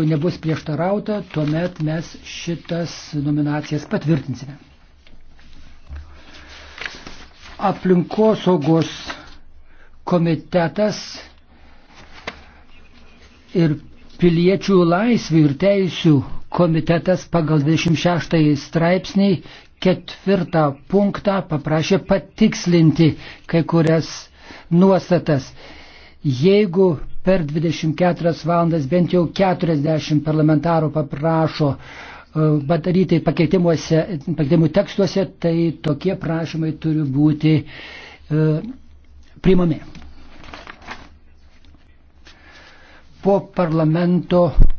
nebus prieštarauta, tuomet mes šitas nominacijas patvirtinsime. Aplinkosaugos komitetas ir piliečių laisvių ir teisių komitetas pagal 26 straipsnį ketvirtą punktą paprašė patikslinti kai kurias nuostatas. Jeigu per 24 valandas bent jau 40 parlamentarų paprašo e, padaryti pakeitimų tekstuose, tai tokie prašymai turi būti e, priimami. Po parlamento